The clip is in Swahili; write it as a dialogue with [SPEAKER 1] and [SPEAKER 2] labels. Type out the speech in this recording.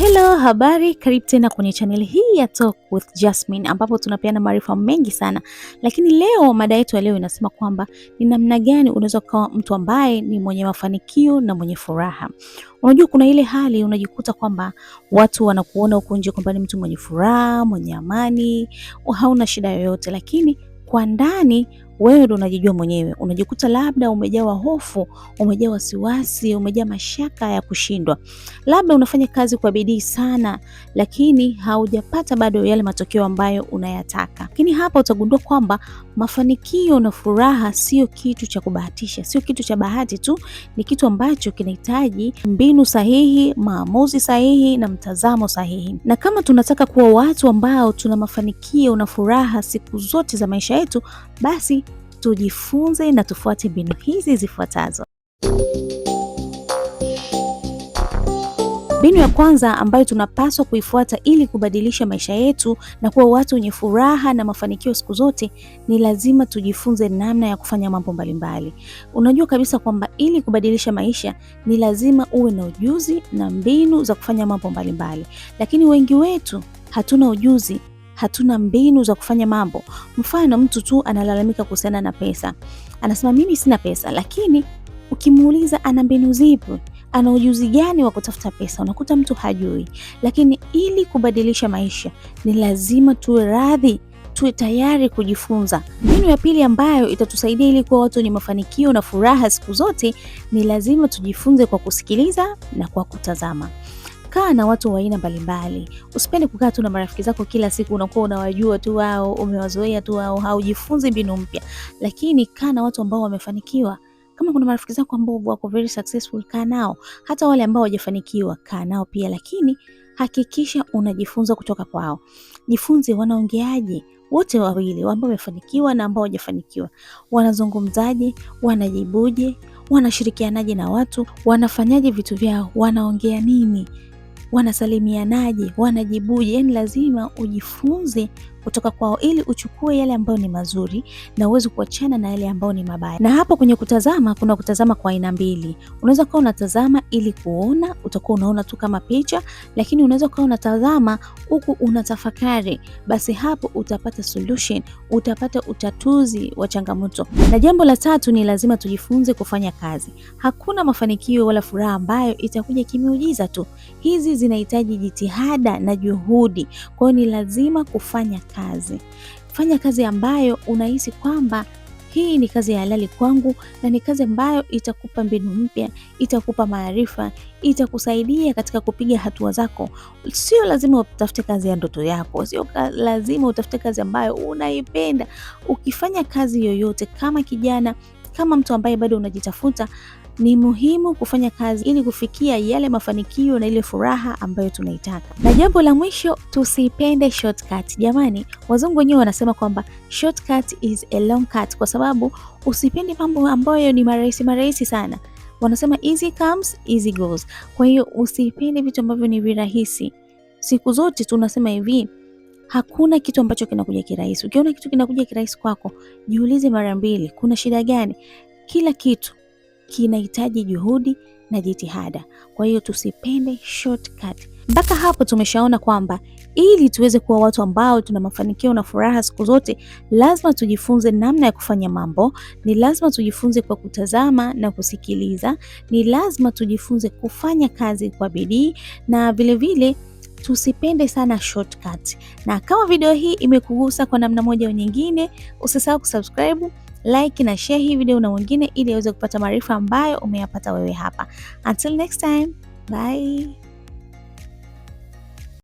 [SPEAKER 1] Hello, habari, karibu tena kwenye channel hii ya Talk with Jasmine ambapo tunapeana maarifa mengi sana, lakini leo mada yetu ya leo inasema kwamba ni namna gani unaweza kuwa mtu ambaye ni mwenye mafanikio na mwenye furaha. Unajua kuna ile hali unajikuta kwamba watu wanakuona huko nje kwamba ni mtu mwenye furaha, mwenye amani, hauna shida yoyote, lakini kwa ndani wewe ndo unajijua mwenyewe. Unajikuta labda umejawa hofu, umejaa wasiwasi, umejaa mashaka ya kushindwa, labda unafanya kazi kwa bidii sana, lakini haujapata bado yale matokeo ambayo unayataka. Lakini hapa utagundua kwamba mafanikio na furaha sio kitu cha kubahatisha, sio kitu cha bahati tu, ni kitu ambacho kinahitaji mbinu sahihi, maamuzi sahihi na mtazamo sahihi. Na kama tunataka kuwa watu ambao tuna mafanikio na furaha siku zote za maisha yetu, basi tujifunze na tufuate mbinu hizi zifuatazo. Mbinu ya kwanza ambayo tunapaswa kuifuata ili kubadilisha maisha yetu na kuwa watu wenye furaha na mafanikio siku zote ni lazima tujifunze namna ya kufanya mambo mbalimbali. Unajua kabisa kwamba ili kubadilisha maisha ni lazima uwe na ujuzi na mbinu za kufanya mambo mbalimbali, lakini wengi wetu hatuna ujuzi hatuna mbinu za kufanya mambo. Mfano, mtu tu analalamika kuhusiana na pesa, anasema mimi sina pesa, lakini ukimuuliza ana mbinu zipi, ana ujuzi gani wa kutafuta pesa, unakuta mtu hajui. Lakini ili kubadilisha maisha ni lazima tuwe radhi tuwe tayari kujifunza. Mbinu ya pili ambayo itatusaidia ili kuwa watu wenye mafanikio na furaha siku zote, ni lazima tujifunze kwa kusikiliza na kwa kutazama kukaa na watu wa aina mbalimbali. Usipende kukaa tu na marafiki zako kila siku unakuwa unawajua tu wao, umewazoea tu wao, haujifunzi mbinu mpya. Lakini kaa na watu ambao wamefanikiwa. Kama kuna marafiki zako ambao wako very successful, kaa nao. Hata wale ambao hawajafanikiwa, kaa nao pia, lakini hakikisha unajifunza kutoka kwao. Jifunze wanaongeaje wote wawili, ambao wamefanikiwa na ambao hawajafanikiwa. Wanazungumzaje? Wanajibuje? Wanashirikianaje na watu? Wanafanyaje vitu vyao? Wanaongea nini? wanasalimianaje, wanajibuje. Yani lazima ujifunze kutoka kwao ili uchukue yale ambayo ni mazuri na uweze kuachana na yale ambayo ni mabaya. Na hapo kwenye kutazama, kuna kutazama kwa aina mbili. Unaweza kuwa unatazama ili kuona, utakuwa unaona tu kama picha, lakini unaweza kuwa unatazama huku unatafakari. Basi hapo utapata solution, utapata utatuzi wa changamoto. Na jambo la tatu ni lazima tujifunze kufanya kazi. Hakuna mafanikio wala furaha ambayo itakuja kimiujiza tu. Hizi zinahitaji jitihada na juhudi. Kwa hiyo ni lazima kufanya kazi kazi. Fanya kazi ambayo unahisi kwamba hii ni kazi ya halali kwangu na ni kazi ambayo itakupa mbinu mpya, itakupa maarifa, itakusaidia katika kupiga hatua zako. Sio lazima utafute kazi ya ndoto yako, sio lazima utafute kazi ambayo unaipenda. Ukifanya kazi yoyote, kama kijana, kama mtu ambaye bado unajitafuta, ni muhimu kufanya kazi ili kufikia yale mafanikio na ile furaha ambayo tunaitaka. Na jambo la mwisho, tusipende shortcut. Jamani, wazungu wenyewe wanasema kwamba shortcut is a long cut, kwa sababu usipende mambo ambayo ni marahisi marahisi sana. Wanasema easy comes, easy goes. Kwa hiyo usipende vitu ambavyo ni virahisi. Siku zote tunasema hivi Hakuna kitu ambacho kinakuja kirahisi. Ukiona kitu kinakuja kirahisi kwako, jiulize mara mbili, kuna shida gani? Kila kitu kinahitaji juhudi na jitihada. Kwa hiyo tusipende shortcut. Mpaka hapo tumeshaona kwamba ili tuweze kuwa watu ambao tuna mafanikio na furaha siku zote, lazima tujifunze namna ya kufanya mambo. Ni lazima tujifunze kwa kutazama na kusikiliza. Ni lazima tujifunze kufanya kazi kwa bidii na vilevile tusipende sana shortcut. Na kama video hii imekugusa kwa namna moja au nyingine, usisahau kusubscribe like na share hii video na wengine, ili aweze kupata maarifa ambayo umeyapata wewe hapa. Until next time, bye.